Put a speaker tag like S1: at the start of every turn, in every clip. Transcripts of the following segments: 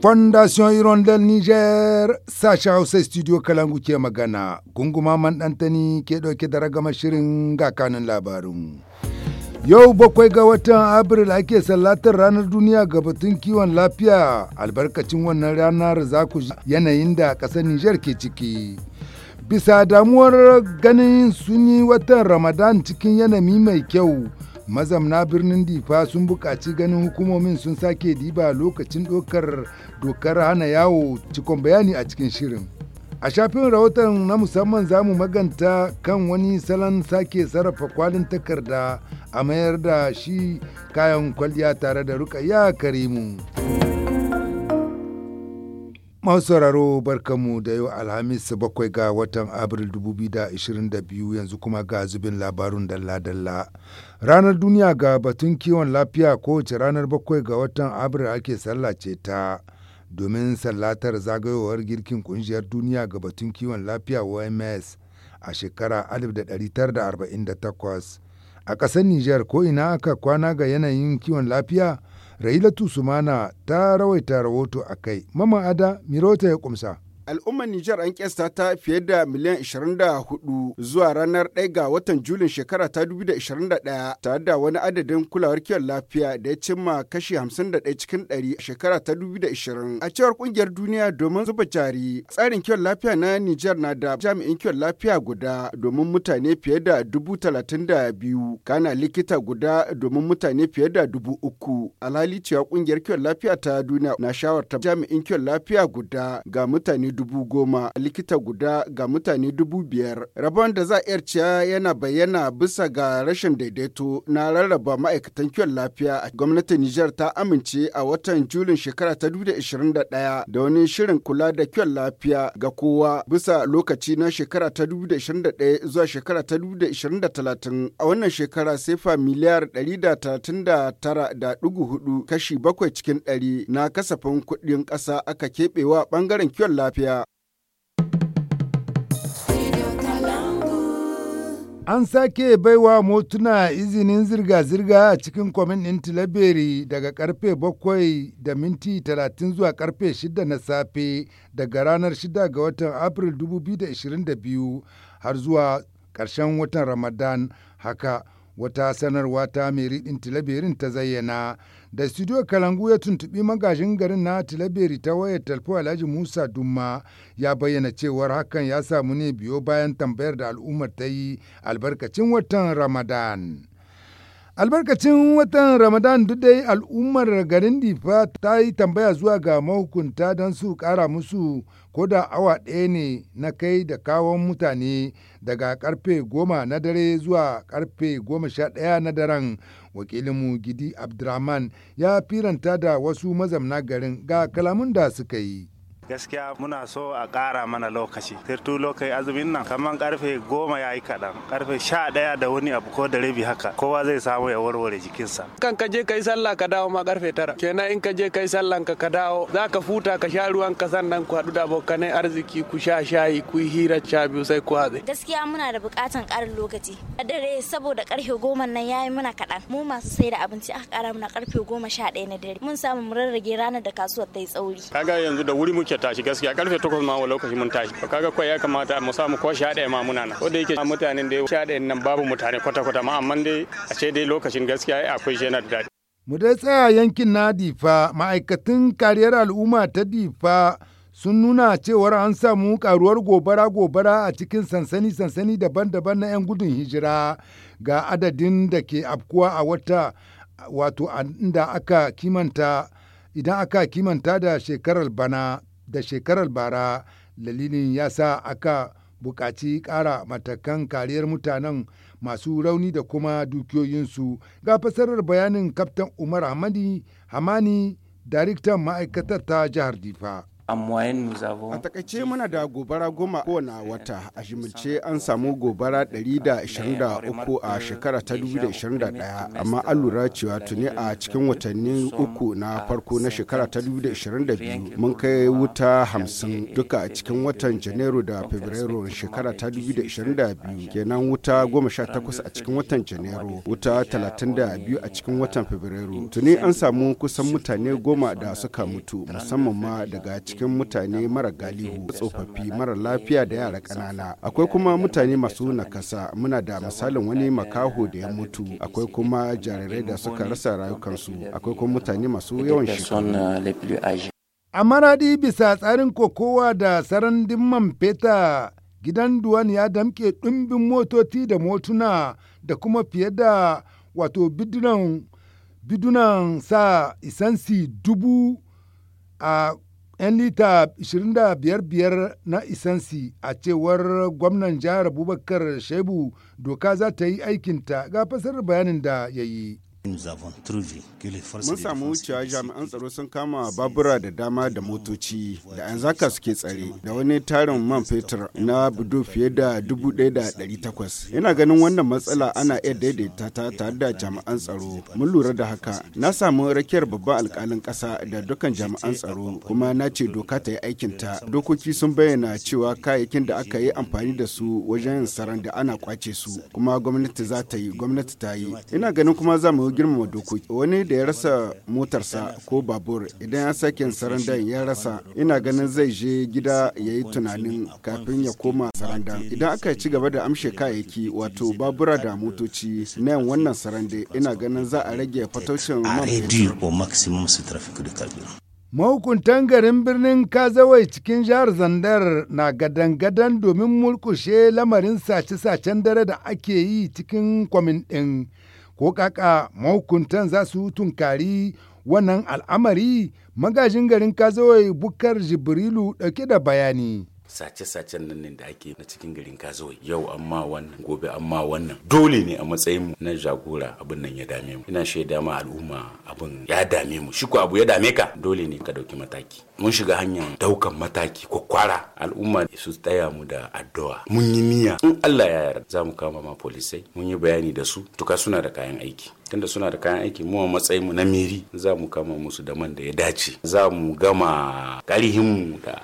S1: fondation Hirondelle niger sasha hausa studio kalangu ke magana gunguma man ɗantani ke ɗauke da ragamar shirin ga kanin labarin yau bakwai ga watan abril ake sallatar ranar duniya ga batun kiwon lafiya albarkacin wannan ranar za ku yanayin da ƙasar niger ke ciki bisa damuwar ganin sun yi watan ramadan cikin yanayi mai kyau mazamna birnin difa sun buƙaci ganin hukumomin sun sake diba lokacin ɗaukar dokar hana yawo cikon bayani a cikin shirin a shafin rahoton na musamman za mu maganta kan wani salon sake sarrafa kwalin takarda a mayar da shi kayan kwalliya tare da rukayya karimu. Masu sauraro "Barkamu, da yau Alhamis bakwai ga watan Abril 2022 yanzu kuma ga zubin labarun dalla-dalla. Ranar duniya ga batun kiwon lafiya kowace ranar bakwai ga watan Abril ake sallace ta domin sallatar zagayowar girkin kungiyar duniya ga batun kiwon lafiya OMS a shekara 1948. A ƙasar Nijar ko ina aka kwana ga yanayin kiwon lafiya Ra'ilatu Sumana ta rawaita rahoto a kai, Mama Ada Mirota ya kumsa.
S2: Al'ummar Nijar an kyasta ta fiye da miliyan 24 zuwa ranar 1 ga watan Julin shekara ta 2021 tare da wani adadin kulawar kiwon lafiya da ya cimma kashi 51 cikin 100 shekara ta 2020. A cewar kungiyar duniya domin zuba jari, tsarin kiwon lafiya na Nijar na da jami'in kiwon lafiya guda domin mutane fiye da dubu talatin da biyu, kana likita guda domin mutane fiye da dubu uku. Alhali cewa kungiyar kiwon lafiya ta duniya na shawarta jami'in kiwon lafiya guda ga mutane dubu goma likita guda ga mutane dubu biyar. Rabon da za a iya ciya yana bayyana bisa ga rashin daidaito na rarraba ma'aikatan kiwon lafiya a gwamnatin Nijar ta amince a watan Julin shekara ta 2021 da wani shirin kula da kiwon lafiya ga kowa bisa lokaci na shekara ta 2021 zuwa shekara ta 2030 a wannan shekara sai miliyar 139.4 kashi bakwai cikin ɗari na kasafin kuɗin ƙasa aka keɓewa ɓangaren kiwon lafiya. lafiya.
S1: An sake baiwa motuna izinin zirga-zirga a cikin kwamin ɗin Tilaberi daga karfe bakwai da minti talatin zuwa karfe shida na safe daga ranar shida ga watan Afril 2022 har zuwa ƙarshen watan Ramadan haka. wata sanarwa ta meri ɗin tilaberin ta zayyana da studio kalangu ya tuntubi magajin garin na tilaberi ta wayar talfo alhaji musa dumma ya bayyana cewar hakan ya samu ne biyo bayan tambayar da al'ummar ta yi albarkacin watan ramadan albarkacin watan ramadan duk dai al'ummar garin difa ta yi tambaya zuwa ga mahukunta don su kara musu ko da awa ɗaya ne na kai da kawon mutane daga karfe goma na dare zuwa karfe goma sha ɗaya na daren wakilinmu gidi abdurrahman ya firanta da wasu mazamna garin ga kalamun da suka yi gaskiya muna so a ƙara mana lokaci tertu lokaci azumin nan kamar karfe goma ya yi kaɗan karfe sha ɗaya da wani abu ko da rabi haka kowa zai samu ya warware jikinsa
S2: kan ka je ka yi sallah ka dawo ma karfe tara kenan in ka je ka yi sallah ka ka dawo za ka futa ka sha ruwan ka sannan ku haɗu da abokanai arziki ku sha shayi ku yi hira sha biyu sai ku haɗe
S1: gaskiya muna da bukatan ƙarin lokaci a dare saboda karfe goma nan ya yi mana kaɗan mu masu sai da abinci aka ƙara mana karfe goma sha ɗaya na dare mun samu mu rarrage ranar da kasuwar ta yi tsauri
S2: kaga yanzu da wuri muke tashi gaskiya karfe 8 ma wani lokaci mun tashi kaga kwai ya kamata mu samu ko sha daya ma muna ko da yake mutanen da sha daya nan babu mutane kwata kwata ma amma dai a ce dai lokacin gaskiya akwai shi da mu
S1: dai tsaya yankin na difa ma'aikatan kariyar al'umma ta difa sun nuna cewar an samu karuwar gobara-gobara a cikin sansani-sansani daban-daban na 'yan gudun hijira ga adadin da ke afkuwa a wata wato inda aka kimanta idan aka kimanta da shekarar bana da shekarar bara dalilin ya sa aka buƙaci ƙara matakan kariyar mutanen masu rauni da kuma dukiyoyinsu ga fasarar bayanin kaftan umar hamani daraktan ma'aikatar ta jihar difa
S2: A takaice muna da gobara goma kowane wata a jimilce an samu gobara 123 a shekara ta 2021 amma an lura cewa tuni a cikin watanni uku na farko na shekara ta 2022 mun kai uh, wuta 50 duka a cikin watan janairu da fabrairu shekara ta 2022 uh, kenan wuta 18 a cikin watan janairu wuta 32 a cikin uh, watan fabrairu tuni an samu kusan mutane goma da suka mutu musamman ma daga cikin cikin mutane mara galihu tsofaffi mara lafiya da yara ƙanana akwai kuma mutane masu nakasa muna da misalin wani makaho da ya mutu akwai kuma jarirai da suka rasa rayukansu akwai kuma mutane masu yawan shekaru euh,
S1: a maradi bisa tsarin kokowa da sarandin man feta gidan duwan ya damke ɗumbin motoci da motuna da kuma fiye da wato bidunan bidunan sa isansi dubu a 'yan lita 25 na isansi a cewar gwamnan jihar abubakar shaibu doka za ta yi aikinta ga fasar bayanin da ya yi.
S2: Mun samu wucewa jami'an tsaro sun kama babura da dama da motoci da an zaka suke tsare da wani tarin man fetur na budo fiye da 1,800. Yana ganin wannan matsala ana iya daidaita ta tare da jami'an tsaro. Mun lura da haka. Na samu rakiyar babban alkalin ƙasa da dukkan jami'an tsaro kuma na ce doka ta yi aikinta. Dokoki sun bayyana cewa kayayyakin da aka yi amfani da su wajen saran da ana kwace su kuma gwamnati za ta yi gwamnati ta yi. Ina ganin kuma za mu girmama dokoki wani da ya rasa motarsa ko babur idan ya sake sarandan ya rasa ina ganin zai je gida ya yi tunanin kafin ya koma sarandan idan aka ci gaba da amshe kayayyaki wato babura da motoci na yan wannan sarande ina ganin za a rage fataucin Mahukuntan garin birnin Kazawai cikin
S1: jihar Zandar na gadan-gadan domin mulkushe lamarin sace-sacen dare da ake yi cikin kwamin ɗin ko kaka mahukuntan za su tunkari wannan al'amari magajin garin kazawai bukar jibrilu ɗauke da bayani.
S2: sace-sacen nan ne da ake na cikin garin kazawai yau amma wannan gobe amma wannan dole ne a matsayin mu na jagora abin nan ya dame mu ina shaida ma al'umma abin ya dame mu shi ko abu ya dame ka dole ne ka dauki mataki mun shiga hanyar daukan mataki ko kwara al'umma su tsaya mu da addu'a mun yi niyya in Allah ya yarda za mu kama ma polisai mun yi bayani da su tuka suna da kayan aiki tunda suna da kayan aiki mu matsayin mu na miri za mu kama musu da man da ya dace za mu gama mu da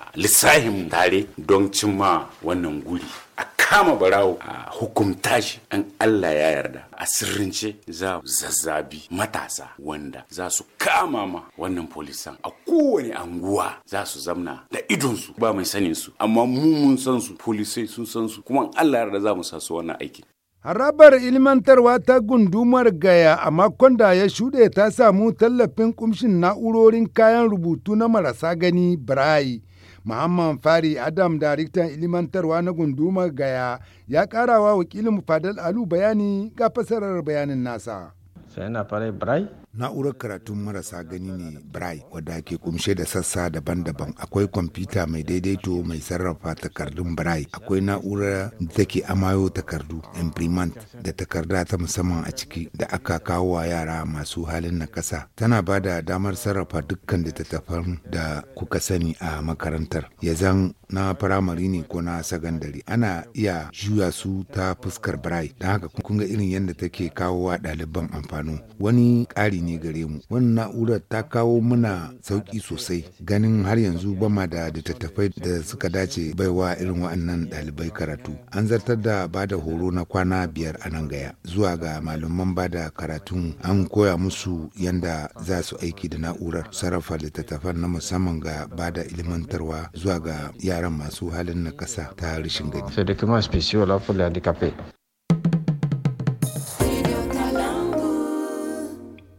S2: mu. tare don cimma wannan guri a kama barawo a hukumta shi an Allah ya yarda a sirrince za zazzabi matasa wanda za su kama ma wannan polisan a kowane anguwa za su zamna da idonsu ba mai sanin su amma mu mun san su polisai sun san su kuma Allah yarda za mu sa su wannan aikin
S1: Harabar ilmantarwa ta gundumar gaya a makon da ya shuɗe ta samu tallafin kumshin na'urorin kayan rubutu na marasa gani Birai. Muhammad Fari Adam daraktan ilmantarwa na gundumar gaya ya ƙarawa wakilin Fadal Alu bayani ga fasarar bayanin nasa. Sai na fara Birai Na'urar karatun marasa gani ne brai wadda ke kumshe da sassa daban-daban. Akwai kwamfuta mai daidaito mai sarrafa takardun brai Akwai na'urar da take amayo takardu imprimant da takarda ta musamman a ciki da aka kawo wa yara masu halin na kasa. Tana ba da damar sarrafa dukkan littattafan da kuka sani a makarantar. Ya zan na firamare ne ko na sagandare. Ana iya juya su ta fuskar brai Don haka kun ga irin yadda take kawo wa ɗaliban amfano. Wani ƙari ne gare mu wannan na'urar ta kawo mana sauki sosai ganin har yanzu bama da littattafai da suka dace baiwa irin wa'annan ɗalibai karatu an zartar da ba da horo na kwana biyar a nan gaya zuwa ga malaman ba da karatun an koya musu yadda za su aiki da na'urar sarrafa littattafan na musamman ga ba da ilimantarwa zuwa ga yaran masu halin na kasa ta rashin gani.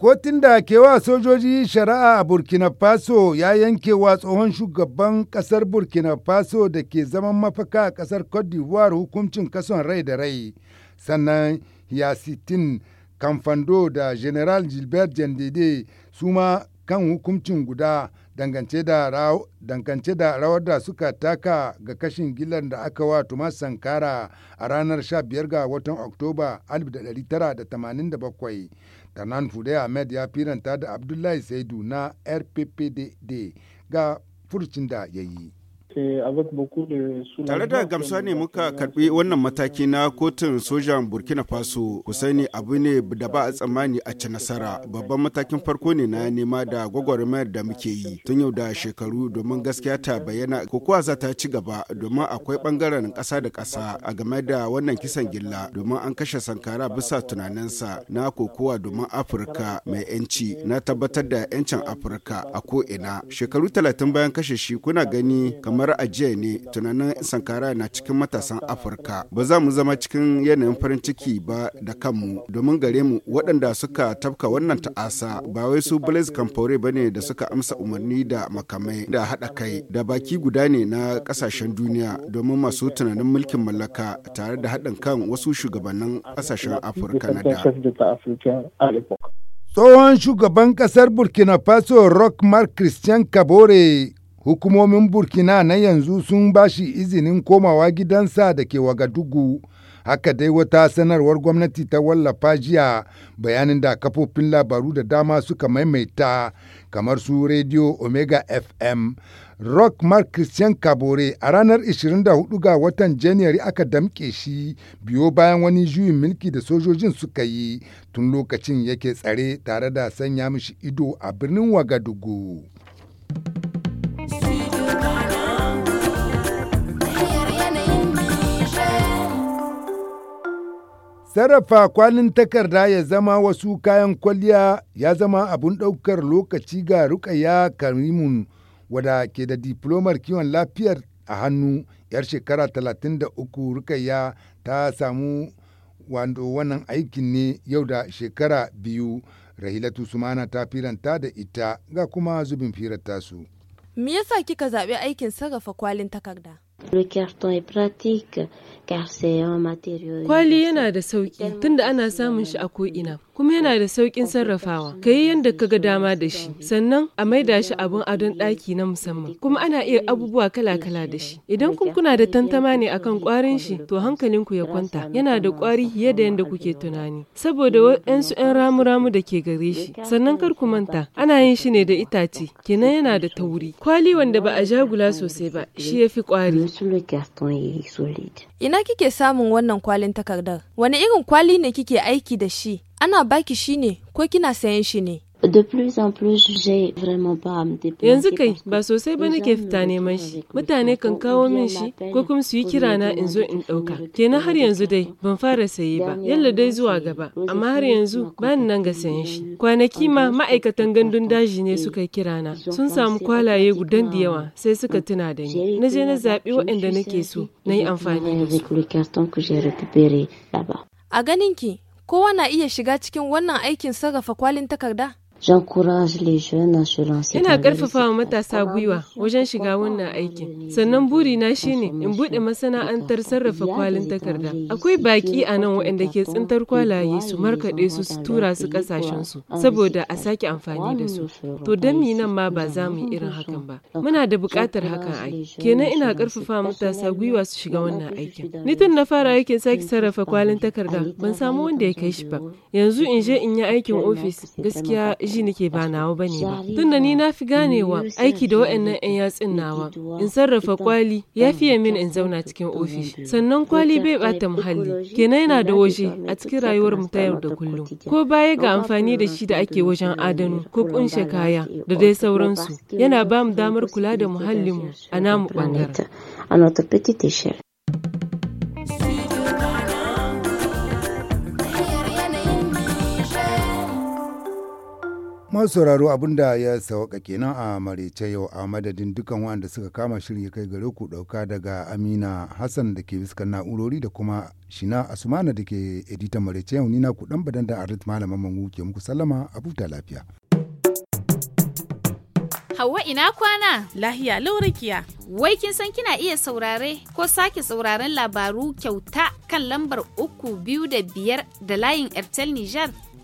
S1: Kotun da ke wa sojoji shari'a a Burkina Faso ya yanke wa tsohon shugaban ƙasar Burkina Faso da ke zaman mafaka a ƙasar Cote d'Ivoire hukuncin kason rai da rai. Sannan Yasitin Kamfando da General Gilbert Jandede su ma kan hukuncin guda dangance da rawar da suka taka ga kashin gillan da aka wa Tumas Sankara a ranar 15 ga watan Oktoba 1987 Danan Fude Ahmed ya firanta da Abdullahi Saidu na RPPDD ga furcin da ya yi.
S2: tare da gamsa ne muka karbi wannan mataki na kotun sojan burkina faso kusani abu ne da ba a tsammani a ci nasara babban matakin farko ne na nema da gwagwarmayar da muke yi tun yau da shekaru domin gaskiya ta bayyana kokowa za ta ci gaba domin akwai bangaren ƙasa da ƙasa a game da wannan kisan gilla domin an kashe sankara bisa tunaninsa na kokowa domin afirka mai yanci na tabbatar da yancin afirka a ko ina shekaru talatin bayan kashe shi kuna gani kamar kamar a jiya ne tunanin sankara na cikin matasan afirka ba za mu zama cikin yanayin farin ciki ba da kanmu domin gare mu waɗanda suka tafka wannan ta'asa ba wai su blaise kamfore ba ne da suka amsa umarni da makamai da haɗa kai da baki guda ne na ƙasashen duniya domin masu tunanin mulkin mallaka tare da haɗin kan wasu shugabannin ƙasashen afirka na da
S1: tsohon shugaban ƙasar burkina faso rock mark christian kabore Hukumomin Burkina na yanzu sun bashi izinin komawa gidansa da ke Wagadugu. haka dai wata sanarwar gwamnati ta wallafa jiya bayanin da kafofin labaru da dama suka maimaita kamar su radio omega fm rock mark christian kabore a ranar 24 ga watan january aka damke shi biyo bayan wani juyin mulki da sojojin suka yi tun lokacin yake tsare tare da sanya mishi ido a birnin wagadugu Sarrafa kwalin takarda ya zama wasu kayan kwalliya ya zama abun ɗaukar lokaci ga Rukayya Karimun wada ke da diplomar kiwon lafiyar a hannu 'yar shekara 33 rukaya ta samu wando wannan aikin ne yau da shekara biyu Rahilatu Sumana ta firanta da ita ga kuma zubin firar tasu.
S3: Me yasa kika zaɓi aikin sarrafa kwalin takarda?
S1: Kwali yana
S3: da sauki tunda ana samun shi a ko'ina. kuma yana da sauƙin sarrafawa ka yi yadda ka ga dama da shi sannan a maida shi abin adon ɗaki na musamman kuma ana iya abubuwa kala-kala da shi idan kun kuna da tantama ne akan kwarin shi to hankalinku ya kwanta yana da kwari fiye da yadda kuke tunani saboda waɗansu 'yan ramu-ramu da ke gare shi sannan kar ku manta ana yin shi ne da itace kenan yana da tauri kwali wanda ba a jagula sosai ba shi ya fi ƙwari Ina kike samun wannan kwalin takardar? Wani irin kwali ne kike aiki da shi? Ana baki shi ne ko kina sayan shi ne? Yanzu kai ba sosai ba nake fita neman shi, mutane kan kawo min shi ko kuma su yi kira na in zo in ɗauka. Kenan har yanzu dai ban fara saye ba, yalla dai zuwa gaba, amma har yanzu ba nan ga sayen shi. Kwanaki ma ma'aikatan gandun daji ne suka kira na, sun samu kwalaye gudan da yawa sai suka tuna da ni. Na je na zaɓi waɗanda nake so na yi amfani da su. A ganinki, kowa na iya shiga cikin wannan aikin sarrafa kwalin takarda? Ina ƙarfafa matasa gwiwa wajen shiga wannan aikin. Sannan burina shine in buɗe masana'antar sarrafa kwalin takarda. Akwai baƙi a nan waɗanda ke tsintar kwalaye su markaɗe su su tura su ƙasashensu saboda a sake amfani da su. To don mi nan ma ba za mu yi irin hakan ba. Muna da buƙatar hakan ai. Kenan ina ƙarfafa matasa gwiwa su shiga wannan aikin. Ni tun na fara aikin sake sarrafa kwalin takarda ban samu wanda ya kai shi ba. Yanzu in je in yi aikin ofis gaskiya ji nake ba nawa bane ba tunda ni na fi ganewa aiki da waɗannan 'yan yatsun nawa in sarrafa kwali ya fiye min in zauna cikin ofishi sannan kwali bai bata muhalli kenan yana da waje a cikin rayuwar mu ta yau da kullum ko baya ga amfani da shi da ake wajen adanu ko kunshe kaya da dai sauransu yana ba mu damar kula da muhallinmu a namu bangaren
S1: masu sauraro abun da ya sauka kenan a maraice yau a madadin dukan wanda suka kama shirin ya kai gare ku ɗauka daga amina hassan da ke fuskar na'urori da kuma shina asumana da ke editan maraice yau nina ku ɗan badan da arit malaman mangu ke muku sallama a buta lafiya.
S3: Hawa ina kwana? Lahiya laurakiya. Wai kin san kina iya saurare ko sake sauraren labaru kyauta kan lambar uku biyu da biyar da layin Airtel Niger?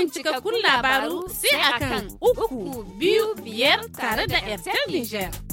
S3: Samun cikakkun labaru sai akan uku biyu biyar tare da Airtel Niger.